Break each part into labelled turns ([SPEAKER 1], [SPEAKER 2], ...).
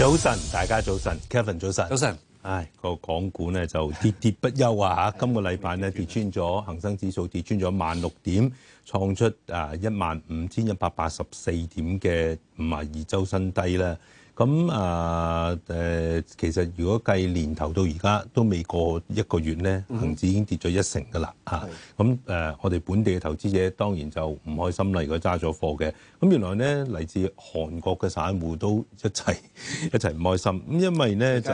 [SPEAKER 1] 早晨，大家早晨，Kevin 早晨。早晨，唉，那個港股咧就跌跌不休 啊！吓，今個禮拜咧跌穿咗恒生指數，跌穿咗萬六點，創出啊一萬五千一百八十四點嘅五十二周新低咧。咁啊、呃，其實如果計年頭到而家都未過一個月咧，恒指已經跌咗一成噶啦嚇。咁誒，我哋本地嘅投資者當然就唔開心啦，如果揸咗貨嘅。咁原來咧嚟自韓國嘅散戶都一齊一齊唔開心，咁因為咧 就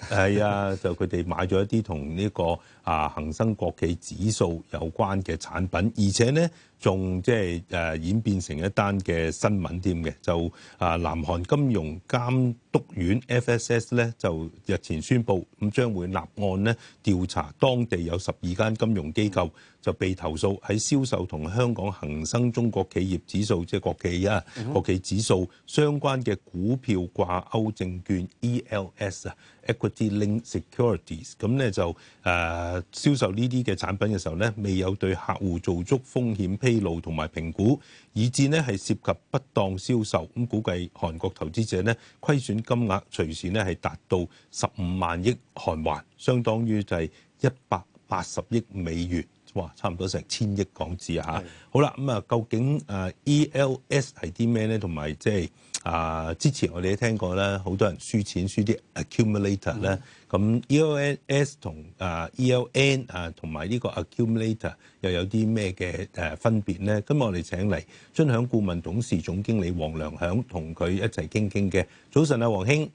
[SPEAKER 1] 係啊，就佢哋買咗一啲同呢個啊恆生國企指數有關嘅產品，而且咧。仲即係演變成一單嘅新聞添嘅，就啊南韓金融監督院 FSS 咧就日前宣布，咁將會立案咧調查當地有十二間金融機構就被投訴喺銷售同香港恒生中國企業指數，即係國企啊，國企指數相關嘅股票掛鈎證券 ELS 啊。equity linked securities，咁咧就誒、呃、銷售呢啲嘅產品嘅時候咧，未有對客戶做足風險披露同埋評估，以致呢係涉及不當銷售，咁估計韓國投資者呢虧損金額隨時呢係達到十五萬億韓元，相當於就係一百八十億美元。哇，差唔多成千億港紙啊！嚇，好啦，咁啊，究竟啊 E L S 係啲咩咧？同埋即係啊，之前我哋都聽過啦，好多人輸錢輸啲 accumulator 咧。咁 E L S 同啊 E L N 啊，同埋呢個 accumulator 又有啲咩嘅誒分別咧？今日我哋請嚟臻享顧問董事總經理王良享，同佢一齊傾傾嘅。早晨啊，王兄！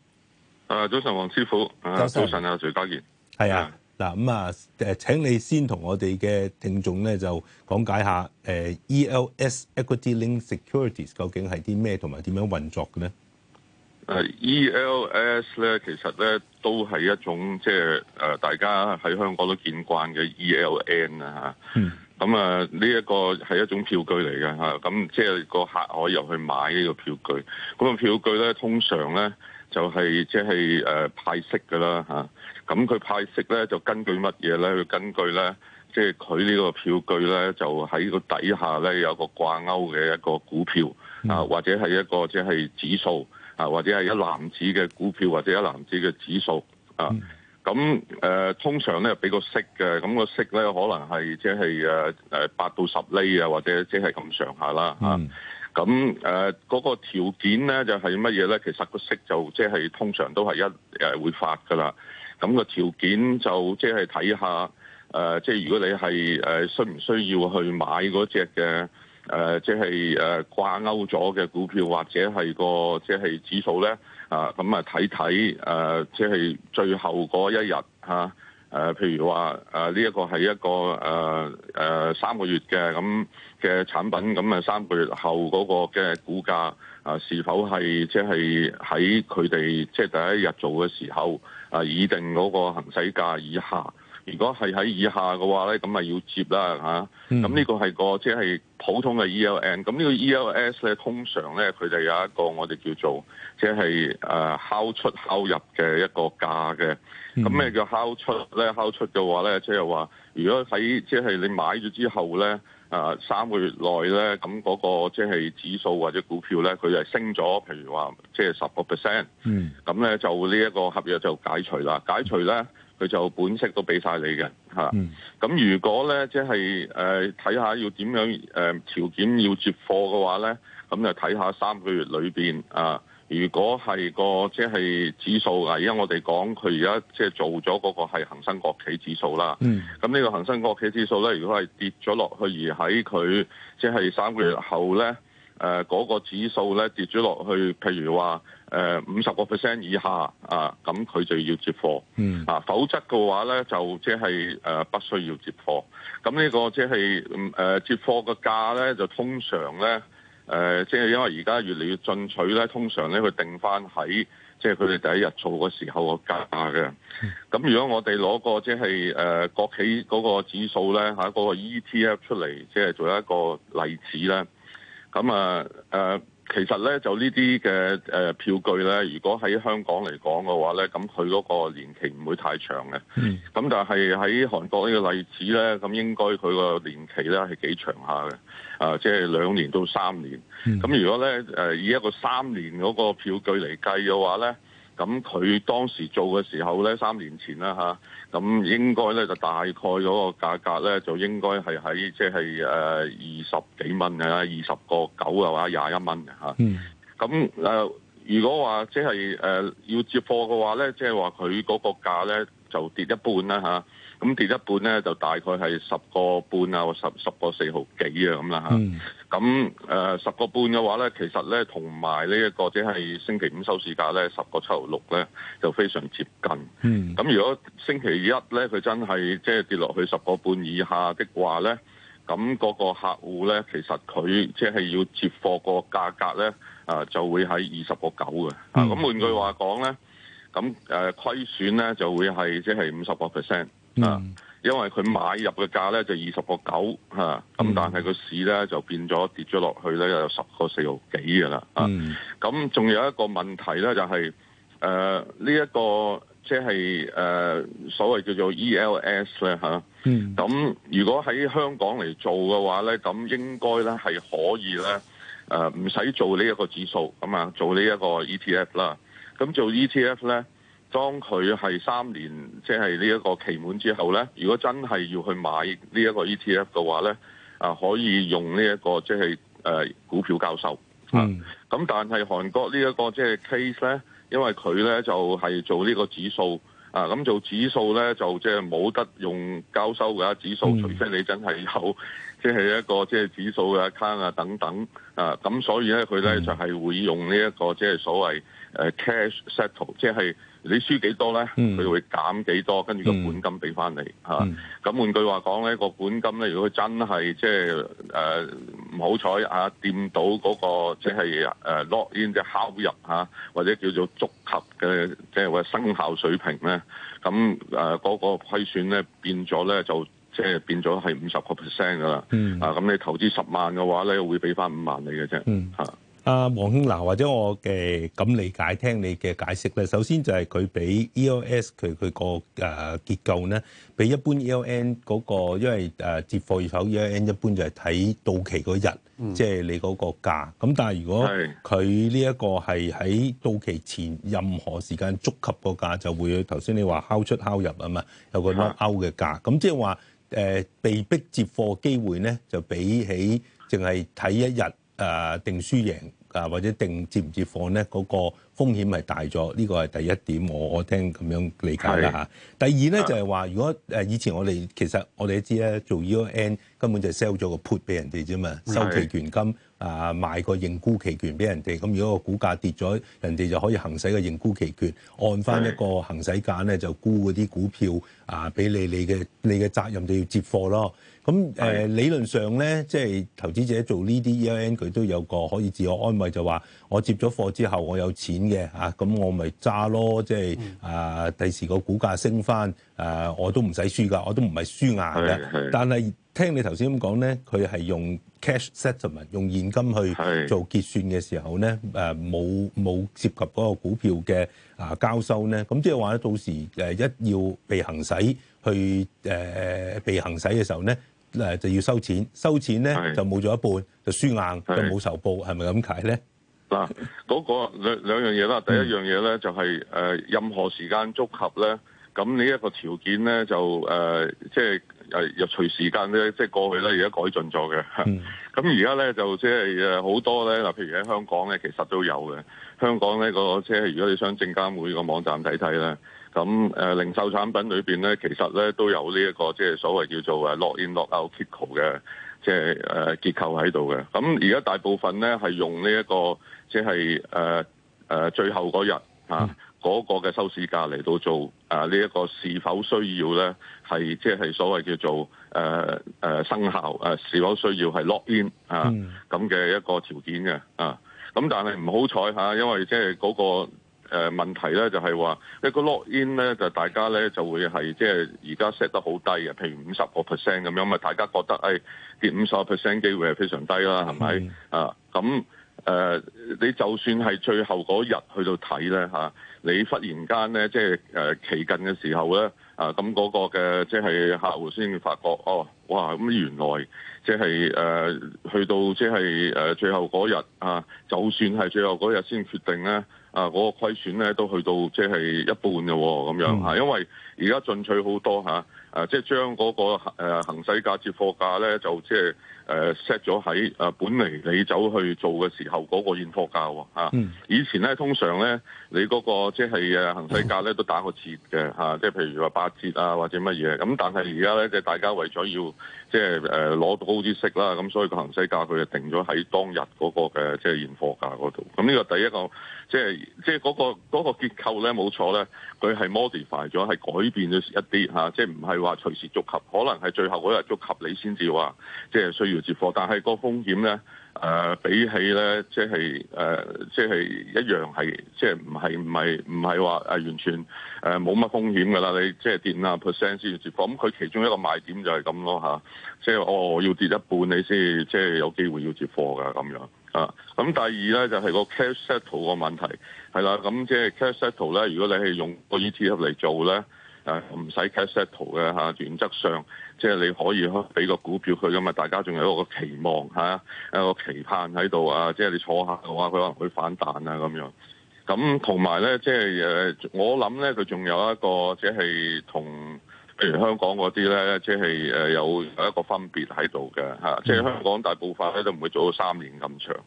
[SPEAKER 1] 啊，
[SPEAKER 2] 早晨，王師傅！早晨啊，徐
[SPEAKER 1] 家傑。係啊。嗱咁啊，誒請你先同我哋嘅聽眾咧就講解下誒、呃、E L S Equity Link Securities 究竟係啲咩同埋點樣運作嘅咧？
[SPEAKER 2] 誒、uh, E L S 咧其實咧都係一種即係誒大家喺香港都見慣嘅 E L N 啊。嚇、mm. 嗯。咁啊，呢一個係一種票據嚟嘅嚇。咁即係個客可以入去買呢個票據。咁、嗰個票據咧通常咧就係即係誒派息㗎啦嚇。啊。咁佢派息咧就根據乜嘢咧？佢根據咧，即係佢呢個票據咧，就喺個底下咧有個掛鈎嘅一個股票啊、嗯，或者係一個即係、就是、指數啊，或者係一籃子嘅股票，或者一籃子嘅指數啊。咁、嗯、誒、呃、通常咧俾個息嘅，咁、那個息咧可能係即係誒誒八到十厘啊，或者即係咁上下啦嚇。咁誒嗰個條件咧就係乜嘢咧？其實個息就即係、就是、通常都係一誒會發噶啦。咁、那個條件就即係睇下，誒、呃，即、就、係、是、如果你係誒需唔需要去買嗰隻嘅誒，即係誒掛鈎咗嘅股票或者係個即係、就是、指數咧，啊，咁啊睇睇誒，即、呃、係、就是、最後嗰一日嚇、啊，譬如話誒呢一個係一個誒誒三個月嘅咁嘅產品，咁、嗯、啊三個月後嗰個嘅股價啊是否係即係喺佢哋即係第一日做嘅時候，啊！已定嗰個行使價以下。如果係喺以下嘅話咧，咁咪要接啦嚇。咁、嗯、呢、啊這個係個即係、就是、普通嘅 E.L.N。咁呢個 E.L.S 咧，通常咧佢哋有一個我哋叫做即係誒敲出敲入嘅一個價嘅。咁咩叫敲出咧？敲出嘅話咧，即係話如果喺即係你買咗之後咧，誒、啊、三個月內咧，咁嗰、那個即係、就是、指數或者股票咧，佢係升咗，譬如話即係十個 percent。嗯。咁咧就呢一個合約就解除啦。解除咧。佢就本息都俾晒你嘅。咁、嗯啊、如果咧即係誒睇下要點樣誒、呃、條件要接貨嘅話咧，咁就睇下三個月裏面。啊，如果係個即係、就是、指數啊，因為我哋講佢而家即係做咗嗰個係恒生國企指數啦，咁、嗯、呢個恒生國企指數咧，如果係跌咗落去而喺佢即係三個月後咧。誒、呃、嗰、那個指數咧跌咗落去，譬如話誒五十個 percent 以下啊，咁佢就要接貨啊，否則嘅話咧就即係誒不需要接貨。咁呢個即係誒接貨嘅價咧就通常咧誒，即、呃、係、就是、因為而家越嚟越進取咧，通常咧佢定翻喺即係佢哋第一日做嗰時候個價嘅。咁如果我哋攞個即係誒國企嗰個指數咧嚇嗰、那個 ETF 出嚟，即係做一個例子咧。咁、嗯、啊、嗯，其實咧就呢啲嘅誒票據咧，如果喺香港嚟講嘅話咧，咁佢嗰個年期唔會太長嘅。咁、嗯、但係喺韓國呢個例子咧，咁應該佢個年期咧係幾長下嘅，啊，即係兩年到三年。咁、嗯、如果咧以一個三年嗰個票據嚟計嘅話咧。咁佢當時做嘅時候咧，三年前啦嚇，咁應該咧就大概嗰個價格咧，就應該係喺即係誒二十幾蚊嘅二十個九或者廿一蚊嘅嚇。嗯。咁誒，如果話即係誒要接貨嘅話咧，即係話佢嗰個價咧就跌一半啦嚇。咁跌一半咧，就大概係十個半啊，十十個四毫幾啊咁啦嚇。咁誒十個半嘅話咧，其實咧同埋呢一、這個即係、就是、星期五收市價咧十個七毫六咧，就非常接近。咁、嗯、如果星期一咧，佢真係即係跌落去十個半以下的話咧，咁嗰個客戶咧，其實佢即係要接貨個價格咧，啊、呃、就會喺二十個九嘅。咁、嗯、換、啊、句話講咧，咁誒虧損咧就會係即係五十個 percent。就是 Mm. 啊，因為佢買入嘅價咧就二十個九嚇，咁、mm. 但係個市咧就變咗跌咗落去咧有十個四毫幾㗎啦。啊，咁、mm. 仲、啊、有一個問題咧就係、是，誒呢一個即係誒所謂叫做 E L S 咧、啊、嚇。咁、mm. 啊、如果喺香港嚟做嘅話咧，咁應該咧係可以咧，誒唔使做呢一個指數咁啊，做，呢一個 ETF，啊做 ETF 呢一個 E T F 啦。咁做 E T F 咧。當佢係三年即係呢一個期滿之後咧，如果真係要去買呢一個 ETF 嘅話咧，啊可以用呢、這、一個即係誒股票交收咁、mm. 啊、但係韓國呢一個即係 case 咧，因為佢咧就係、是、做呢個指數啊，咁做指數咧就即係冇得用交收㗎，指數、mm. 除非你真係有即係、就是、一個即係、就是、指數嘅 account 啊等等啊，咁所以咧佢咧就係會用呢、這、一個即係、就是、所謂誒 cash settle，即、就、係、是。你輸幾多咧，佢會減幾多，跟住個本金俾翻你嚇。咁、嗯嗯啊、換句話講咧，個本金咧，如果佢真係即係誒唔好彩嚇，掂、呃、到嗰、那個即係誒 lock in 嘅考入嚇、啊，或者叫做觸及嘅即係話生效水平咧，咁誒嗰個虧損咧變咗咧就即係變咗係五十個 percent 噶啦。啊咁，你投資十萬嘅話咧，會俾翻五
[SPEAKER 1] 萬你嘅啫嚇。嗯。啊，王兄嗱，或者我嘅咁理解，聽你嘅解釋咧。首先就係佢比 ELS 佢佢個誒結構咧，比一般 ELN 嗰、那個，因為誒接貨要 ELN，一般就係睇到期嗰日，即、嗯、係、就是、你嗰個價。咁但係如果佢呢一個係喺到期前任何時間觸及個價，就會頭先你話敲出敲入啊嘛，有個勾嘅價。咁即係話被逼接貨機會咧，就比起淨係睇一日、呃、定輸贏。啊，或者定接唔接貨咧？嗰個風險係大咗，呢個係第一點。我我聽咁樣理解啦嚇。第二咧就係話，如果誒以前我哋其實我哋都知咧，做 ELN 根本就 sell 咗個 put 俾人哋啫嘛，收期權金啊，賣個認沽期權俾人哋。咁如果個股價跌咗，人哋就可以行使個認沽期權，按翻一個行使價咧，就沽嗰啲股票啊，俾你，你嘅你嘅責任就要接貨咯。咁誒、呃、理論上咧，即係投資者做呢啲 ELS 佢都有個可以自我安慰就話、是：我接咗貨之後，我有錢嘅嚇，咁我咪揸咯。即係啊，第、就是嗯啊、時個股價升翻啊，我都唔使輸㗎，我都唔係輸硬㗎。但係聽你頭先咁講咧，佢係用 cash settlement 用現金去做結算嘅時候咧，誒冇冇涉及嗰個股票嘅啊交收咧？咁即係話咧，到時、啊、一要被行使去誒、啊、被行使嘅時候咧。誒就要收錢，收錢咧就冇咗一半，就輸硬，就冇籌報，係咪咁解咧？嗱，嗰、
[SPEAKER 2] 那個兩,兩樣樣嘢啦， 第一樣嘢咧就係、是呃、任何時間組合咧，咁呢一個條件咧就即係入隨時間咧即係過去咧而家改進咗嘅。咁而家咧就即係好多咧嗱，譬如喺香港咧其實都有嘅，香港呢、那個即、就、係、是、如果你上證監會個網站睇睇咧。咁、呃、零售產品裏面咧，其實咧都有呢、這、一個即係所謂叫做誒 lock-in lock-out Kiko、呃、結構嘅，即係誒結構喺度嘅。咁而家大部分咧係用呢、這、一個即係誒、呃、最後嗰日嗰個嘅收市價嚟到做啊呢一、這個是否需要咧係即係所謂叫做誒、呃呃、生效誒、啊、是否需要係 lock-in 啊咁嘅、嗯、一個條件嘅啊。咁但係唔好彩吓，因為即係嗰個。誒、呃、問題咧就係、是、話，一個 lock in 咧就大家咧就會係即係而家 set 得好低，譬如五十個 percent 咁樣啊，大家覺得誒、哎、跌五十個 percent 機會係非常低啦，係咪啊？咁誒、呃，你就算係最後嗰日去到睇咧嚇，你忽然間咧即係誒、呃、期近嘅時候咧啊，咁嗰個嘅即係客戶先發發覺，哦，哇！咁原來即係誒、呃、去到即係誒、呃、最後嗰日啊，就算係最後嗰日先決定咧。啊！嗰、那個虧損咧都去到即係一半嘅咁、哦、樣吓。因為而家進取好多吓，誒、啊啊，即係將嗰個誒、呃、行使價接貨價咧就即係。誒 set 咗喺誒本嚟你走去做嘅時候嗰個現貨價喎、啊嗯、以前咧通常咧你嗰個即係誒行使價咧都打個折嘅嚇，即、啊、係譬如話八折啊或者乜嘢，咁但係而家咧即係大家為咗要即係誒攞高啲息啦，咁、啊、所以個行使價佢就定咗喺當日嗰個嘅即係現貨價嗰度，咁呢個第一個即係即係嗰個嗰、嗰個結構咧冇錯咧，佢係 modify 咗係改變咗一啲嚇，即係唔係話隨時觸及，可能係最後嗰日觸及你先至話即係需要。接貨，但係個風險咧，誒、呃，比起咧，即係誒、呃，即係一樣係，即係唔係唔係唔係話誒完全誒冇乜風險噶啦，你即係跌五十 percent 先要接貨，咁、嗯、佢其中一個賣點就係咁咯吓，即係哦，要跌一半你先，即係有機會要接貨噶咁樣啊。咁第二咧就係、是、個 cash settle 個問題，係啦，咁即係 cash settle 咧，如果你係用個 ETF 嚟做咧，誒唔使 cash settle 嘅嚇、啊，原則上。即、就、係、是、你可以俾個股票佢咁嘛，大家仲有一個期望嚇，有個期盼喺度啊！即係你坐下嘅話，佢可能會反彈啊咁樣。咁同埋咧，即係誒，我諗咧，佢仲有一個即係同，譬如香港嗰啲咧，即係有有一個分別喺度嘅嚇。即係香港大部分咧都唔會做到三年咁長，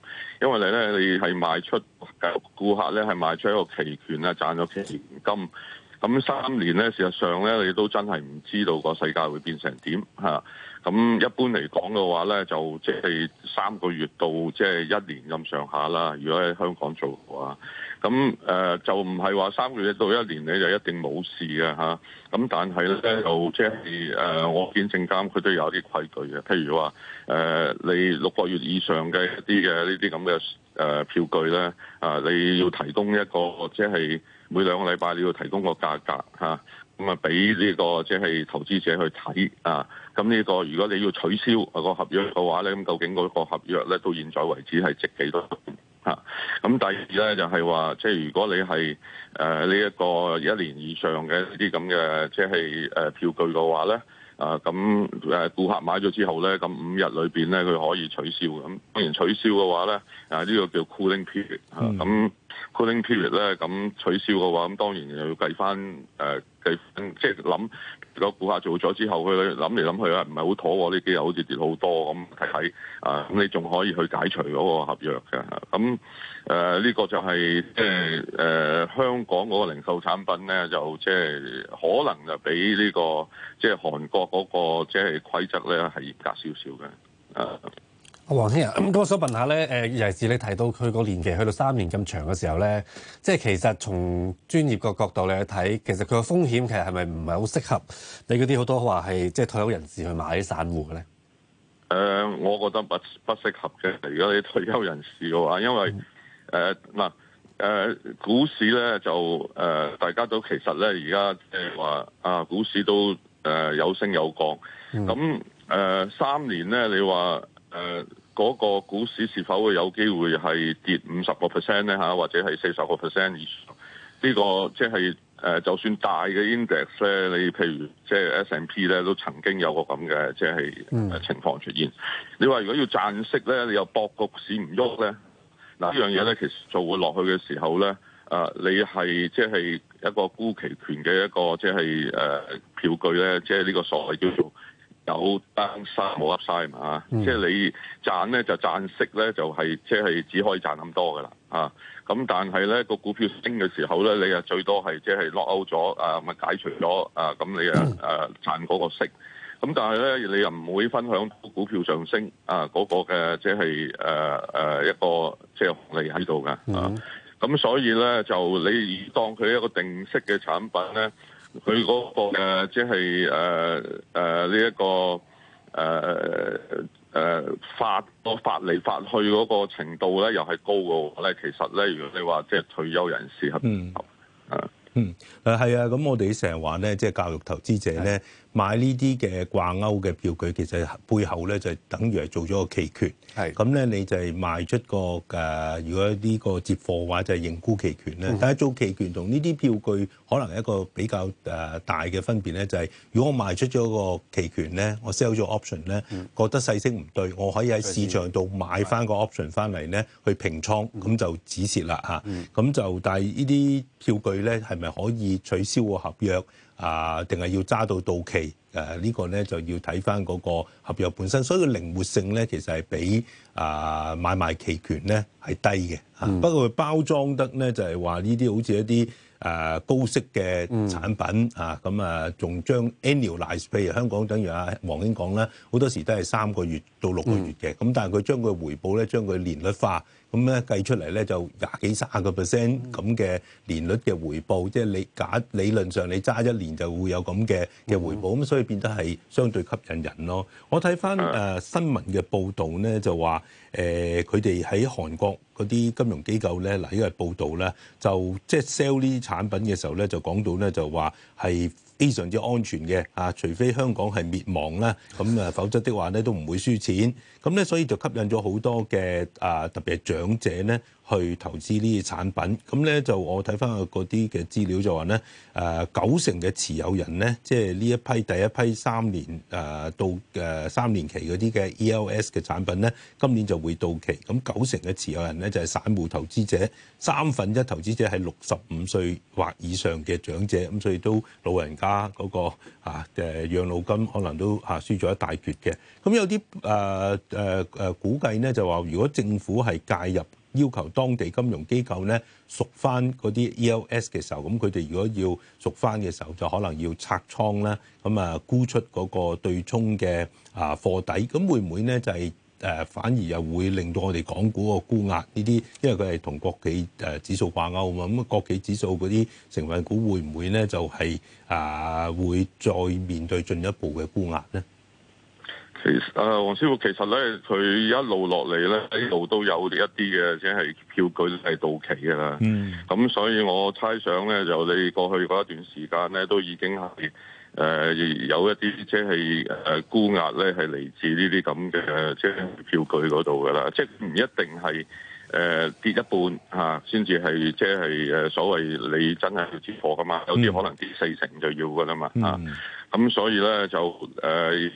[SPEAKER 2] 因為你咧，你係賣出個顧客咧，係賣出一個期權啊，賺咗期權金。咁三年咧，事實上咧，你都真係唔知道個世界會變成點吓咁、啊、一般嚟講嘅話咧，就即係三個月到即係一年咁上下啦。如果喺香港做嘅話咁誒、呃、就唔係話三個月到一年你就一定冇事嘅吓咁、啊、但係咧就即係誒，我見證監佢都有啲規矩嘅，譬如話誒、呃，你六個月以上嘅一啲嘅呢啲咁嘅。這誒票據咧，啊你要提供一個，即係每兩個禮拜你要提供個價格吓，咁啊俾呢個即係投資者去睇啊。咁呢個如果你要取消個合約嘅話咧，咁究竟嗰個合約咧到現在為止係值幾多吓？咁第二咧就係話即係如果你係誒呢一個一年以上嘅呢啲咁嘅，即係誒票據嘅話咧。啊，咁誒顧客買咗之後咧，咁五日裏面咧，佢可以取消咁。當然取消嘅話咧，呢、啊呢個叫 cooling period，咁、啊、cooling period 咧，咁取消嘅話，咁當然又要計返、啊、計即係諗。如果顧客做咗之後，佢諗嚟諗去啊，唔係好妥喎！呢幾日好似跌好多咁，睇睇啊，咁你仲可以去解除嗰個合約嘅。咁誒呢個就係即係誒香港嗰個零售產品咧，就即係、就是、可能就比呢、這個即係、就是、韓國嗰、那個即係、就是、規則咧係嚴格少少嘅誒。呃
[SPEAKER 1] 王兄，咁、那、我、個、想問下咧，誒尤其是你提到佢個年期去到三年咁長嘅時候咧，即係其實從專業個角度你去睇，其實佢個風險其實係咪唔係好適合你嗰啲好多話係即係退休人士去買散戶嘅咧？
[SPEAKER 2] 誒、呃，我覺得不不適合嘅。如果你退休人士嘅話，因為誒嗱誒股市咧就誒、呃、大家都其實咧而家誒話啊股市都誒、呃、有升有降，咁誒、呃、三年咧你話？誒、呃、嗰、那個股市是否會有機會係跌五十個 percent 咧嚇，或者係四十個 percent 以上？呢個即係誒，就算大嘅 index 咧，你譬如即係 S&P 咧，都曾經有個咁嘅即係情況出現。你話如果要賺息咧，你又博局市唔喐咧？嗱，呢樣嘢咧，其實做落去嘅時候咧，誒、呃，你係即係一個沽期權嘅一個即係誒票據咧，即係呢個所謂叫做。有 d 三冇 up 即係你賺咧就賺息咧就係即係只可以賺咁多噶啦咁但係咧個股票升嘅時候咧，你啊最多係即係 lock ou 咗啊，解除咗啊，咁你啊誒賺嗰個息，咁、啊、但係咧你又唔會分享股票上升啊嗰、那個嘅即係誒一個即係利喺度噶，咁、啊 啊、所以咧就你當佢一個定息嘅產品咧。佢嗰、呃呃這個即係誒誒呢一個誒誒發個發嚟發去嗰個程度咧，又係高嘅咧。其實咧，如果你話即係退休人
[SPEAKER 1] 士合嗯嗯誒係啊。咁我哋成日話咧，即係教育投資者咧。買呢啲嘅掛鈎嘅票據，其實背後咧就等於係做咗個期權。係咁咧，你就係賣出個誒，如果呢個接貨嘅話，就係認沽期權咧、嗯。但係做期權同呢啲票據可能一個比較大嘅分別咧、就是，就係如果我賣出咗個期權咧，我 sell 咗 option 咧、嗯，覺得細息唔對，我可以喺市場度買翻個 option 翻嚟咧去平倉，咁、嗯、就止蝕啦嚇。咁、嗯、就但係呢啲票據咧，係咪可以取消個合約？啊，定係要揸到到期誒？呢個咧就要睇翻嗰個合約本身，所以靈活性咧其實係比啊買賣期權咧係低嘅、嗯、不過佢包裝得咧就係話呢啲好似一啲誒高息嘅產品啊，咁、嗯、啊仲將 annualize 譬如香港等於啊王英講啦，好多時都係三個月到六個月嘅咁、嗯，但係佢將佢回報咧將佢年率化。咁咧計出嚟咧就廿幾卅個 percent 咁嘅年率嘅回報，即係你假理論上你揸一年就會有咁嘅嘅回報，咁所以變得係相對吸引人咯。我睇翻誒新聞嘅報導咧，就話誒佢哋喺韓國嗰啲金融機構咧，嗱呢個報導咧就即係 sell 呢啲產品嘅時候咧，就講到咧就話係。非常之安全嘅，啊，除非香港係滅亡啦，咁啊，否則的話咧都唔會輸錢，咁咧所以就吸引咗好多嘅啊，特別係長者咧。去投資呢啲產品咁咧，就我睇翻個嗰啲嘅資料就話咧、呃，九成嘅持有人咧，即係呢一批第一批三年、呃、到三年期嗰啲嘅 ELS 嘅產品咧，今年就會到期。咁九成嘅持有人咧就係散戶投資者，三分一投資者係六十五歲或以上嘅長者，咁所以都老人家嗰、嗰個啊嘅、啊啊、養老金可能都啊，啊輸咗一大橛嘅。咁有啲誒誒估計咧，就話如果政府係介入。要求當地金融機構咧，贖翻嗰啲 ELS 嘅時候，咁佢哋如果要贖翻嘅時候，就可能要拆倉啦，咁啊沽出嗰個對沖嘅啊貨底，咁會唔會咧就係、是、誒反而又會令到我哋港股個沽壓呢啲？因為佢係同國企誒指數掛鈎啊嘛，咁啊國企指數嗰啲成分股會唔會咧就係、是、啊會再面對進一步嘅沽壓咧？
[SPEAKER 2] 其實誒，黃師傅其實咧，佢一路落嚟咧，一路都有一啲嘅，即係票據係到期㗎啦。咁、嗯、所以我猜想咧，就你過去嗰一段時間咧，都已經係誒、呃、有一啲即係誒沽壓咧，係嚟自呢啲咁嘅即係票據嗰度噶啦。即係唔一定係誒、呃、跌一半先至係即係誒所謂你真係要接貨噶嘛。有啲可能跌四成就要噶啦嘛、嗯啊咁所以咧就誒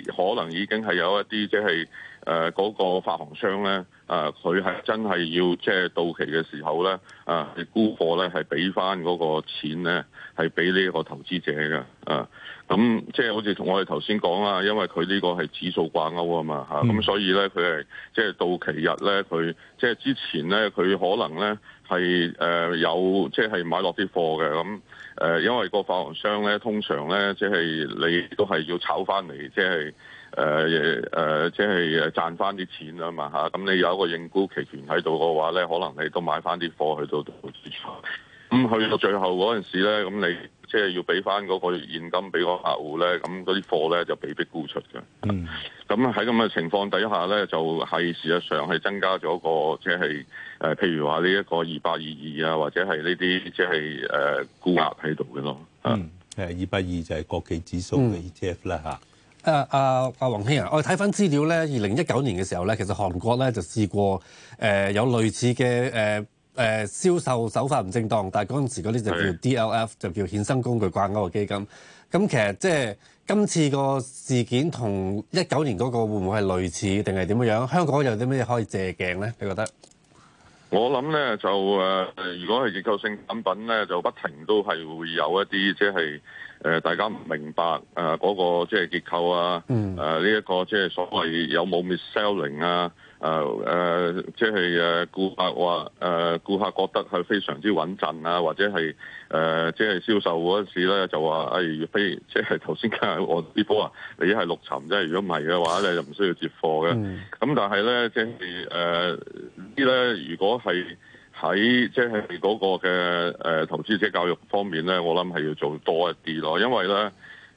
[SPEAKER 2] 可能已經係有一啲即係誒嗰個發行商咧，誒佢係真係要即係到期嘅時候咧，啊你沽貨咧係俾翻嗰個錢咧係俾呢一個投資者嘅啊。咁即係好似同我哋頭先講啊，因為佢呢個係指數掛鈎啊嘛嚇，咁所以咧佢係即係到期日咧佢即係之前咧佢可能咧係誒有即係、就是、買落啲貨嘅。咁誒，因為個發行商咧通常咧即係你都係要炒翻嚟，即係誒誒即係賺翻啲錢嘛啊嘛嚇，咁你有一個認沽期權喺度嘅話咧，可能你都買翻啲貨去到到咁去到最後嗰陣時咧，咁你即係要俾翻嗰個現金俾嗰個客戶咧，咁嗰啲貨咧就被逼沽出嘅。咁喺咁嘅情況底下咧，就係、是、事實上係增加咗個即係誒，譬如話呢一個二百二二啊，或者係呢啲即係誒沽壓喺
[SPEAKER 1] 度嘅咯。嗯，誒二百二就係國企指數嘅 ETF 啦嚇。誒誒誒，王、啊、兄啊，啊，我哋睇翻資料咧，二零一九年嘅時候咧，其實韓國咧就試過誒、呃、有類似嘅誒。呃誒銷售手法唔正當，但係嗰陣時嗰啲就叫 DLF，就叫衍生工具掛鈎個基金。咁其實即係今次個事件同一九年嗰個會唔會係類似，定係點樣？香港有啲咩可以借鏡咧？你覺得？
[SPEAKER 2] 我諗咧就誒，如果係結構性產品咧，就不停都係會有一啲即係誒大家唔明白誒嗰個即係結構啊，誒呢一個即係所謂有冇 mis-selling 啊？誒、呃、誒，即係誒，顧客話，誒顧客覺得係非常之穩陣啊，或者係誒即係銷售嗰陣時咧，哎，就話誒，譬如即係頭先講我啲波啊，你係六沉即係如果唔係嘅話，你就唔需要接貨嘅。咁但係咧，即係誒啲咧，如果係喺即係嗰個嘅誒，呃、投資者教育方面咧，我諗係要做多一啲咯，因為咧誒，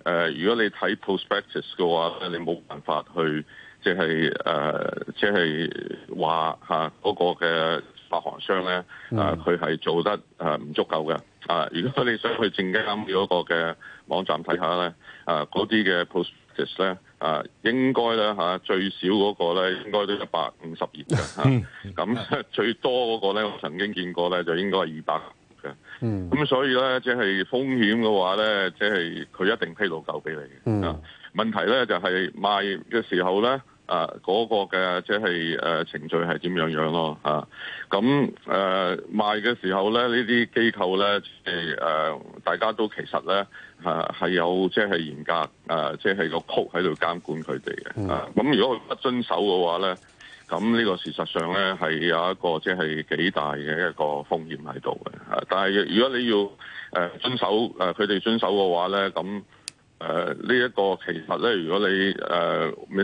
[SPEAKER 2] 呃，如果你睇 prospectus 嘅話咧，你冇辦法去。即係誒，即係話吓嗰個嘅發行商咧，誒佢係做得誒唔、啊、足夠嘅。啊，如果你想去正經嗰個嘅網站睇下咧，誒嗰啲嘅 postage 咧，誒、啊、應該咧吓最少嗰個咧應該都一百五十頁嘅吓。咁、啊、 最多嗰個咧，我曾經見過咧就應該係二百嘅。咁 所以咧，即係風險嘅話咧，即係佢一定披露夠俾你嘅。 啊問題咧就係、是、賣嘅時候咧，啊嗰、那個嘅即係誒程序係點樣樣咯嚇。咁、啊、誒、啊、賣嘅時候咧，呢啲機構咧誒、就是呃，大家都其實咧嚇係有即係、就是、嚴格誒，即、啊、係、就是、個局喺度監管佢哋嘅。咁、啊、如果佢不遵守嘅話咧，咁呢個事實上咧係有一個即係幾大嘅一個風險喺度嘅。但係如果你要誒、呃、遵守誒佢哋遵守嘅話咧，咁。誒、呃，呢、這、一個其實咧，如果你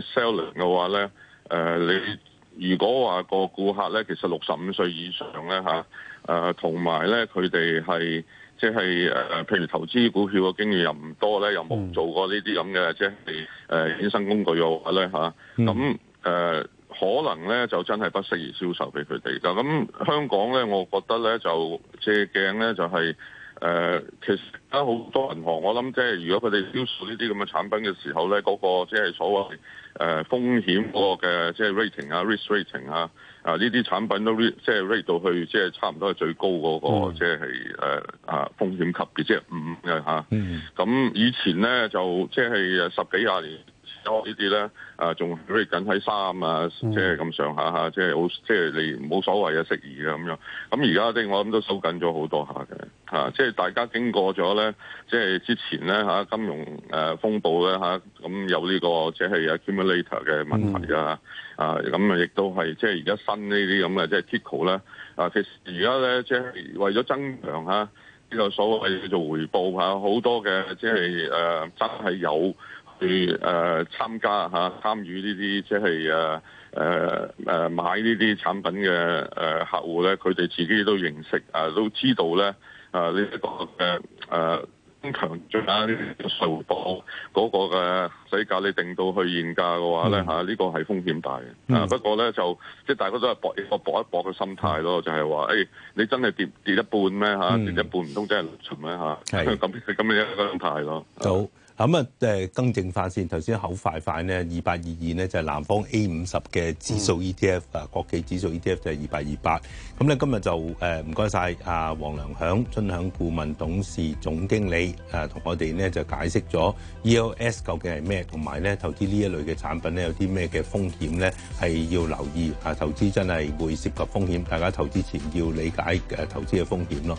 [SPEAKER 2] 誒 sell 嘅話咧，誒、呃，你如果話個顧客咧，其實六十五歲以上咧吓，誒、啊，同埋咧，佢哋係即係誒，譬如投資股票嘅經驗又唔多咧，又冇做過呢啲咁嘅即係誒衍生工具嘅話咧吓，咁、啊、誒、啊啊啊、可能咧就真係不適宜銷售俾佢哋。就咁香港咧，我覺得咧就借鏡咧就係、是。誒、呃，其實而家好多銀行，我諗即係如果佢哋銷售呢啲咁嘅產品嘅時候咧，嗰、那個即係所謂誒、呃、風險嗰個嘅即係 rating 啊，risk rating 啊，啊呢啲產品都即係、就是、rate 到去即係、就是、差唔多係最高嗰、那個，即係誒啊風險級別即係五嘅嚇。咁、就是啊、以前咧就即係誒十幾廿年。呢啲咧、就是，啊，仲追緊喺三啊，即係咁上下嚇，即係好，即係你冇所謂啊，適宜啊咁樣。咁而家即係我諗都收緊咗好多下嘅，嚇，即係大家經過咗咧，即係之前咧嚇金融誒風暴咧嚇，咁有呢個即係啊 accumulator 嘅問題啊，啊，咁、這個就是嗯、啊亦都係即係而家新呢啲咁嘅，即係 tickle 咧，啊，其實而家咧即係為咗增強嚇呢、啊這個所謂叫做回報嚇，好、啊、多嘅即係誒真係有。去誒、呃、參加嚇、啊、參與呢啲即係誒誒誒買呢啲產品嘅、啊、客戶咧，佢哋自己都認識啊，都知道咧啊呢、這個啊個嘅誒強增加呢啲數波嗰個嘅使價，你定到去現價嘅話咧嚇，呢個係風險大嘅。啊、嗯、不過咧就即係大家都係搏呢個搏一搏嘅心態咯、嗯，就係話誒你真係跌跌一半咩？嚇，跌一半唔通、嗯、真係落沉咧嚇？咁咁 樣嘅心態咯。
[SPEAKER 1] 好。啊嗯咁啊，更正翻先，頭先口快快咧，二八二二咧就係南方 A 五十嘅指數 ETF，啊、嗯、國企指數 ETF 就係二八二八。咁咧今日就誒唔該晒啊王良享臻享顧問董事總經理誒同我哋咧就解釋咗 ELS 究竟係咩，同埋咧投資呢一類嘅產品咧有啲咩嘅風險咧係要留意啊！投資真係會涉及風險，大家投資前要理解誒投資嘅風險咯。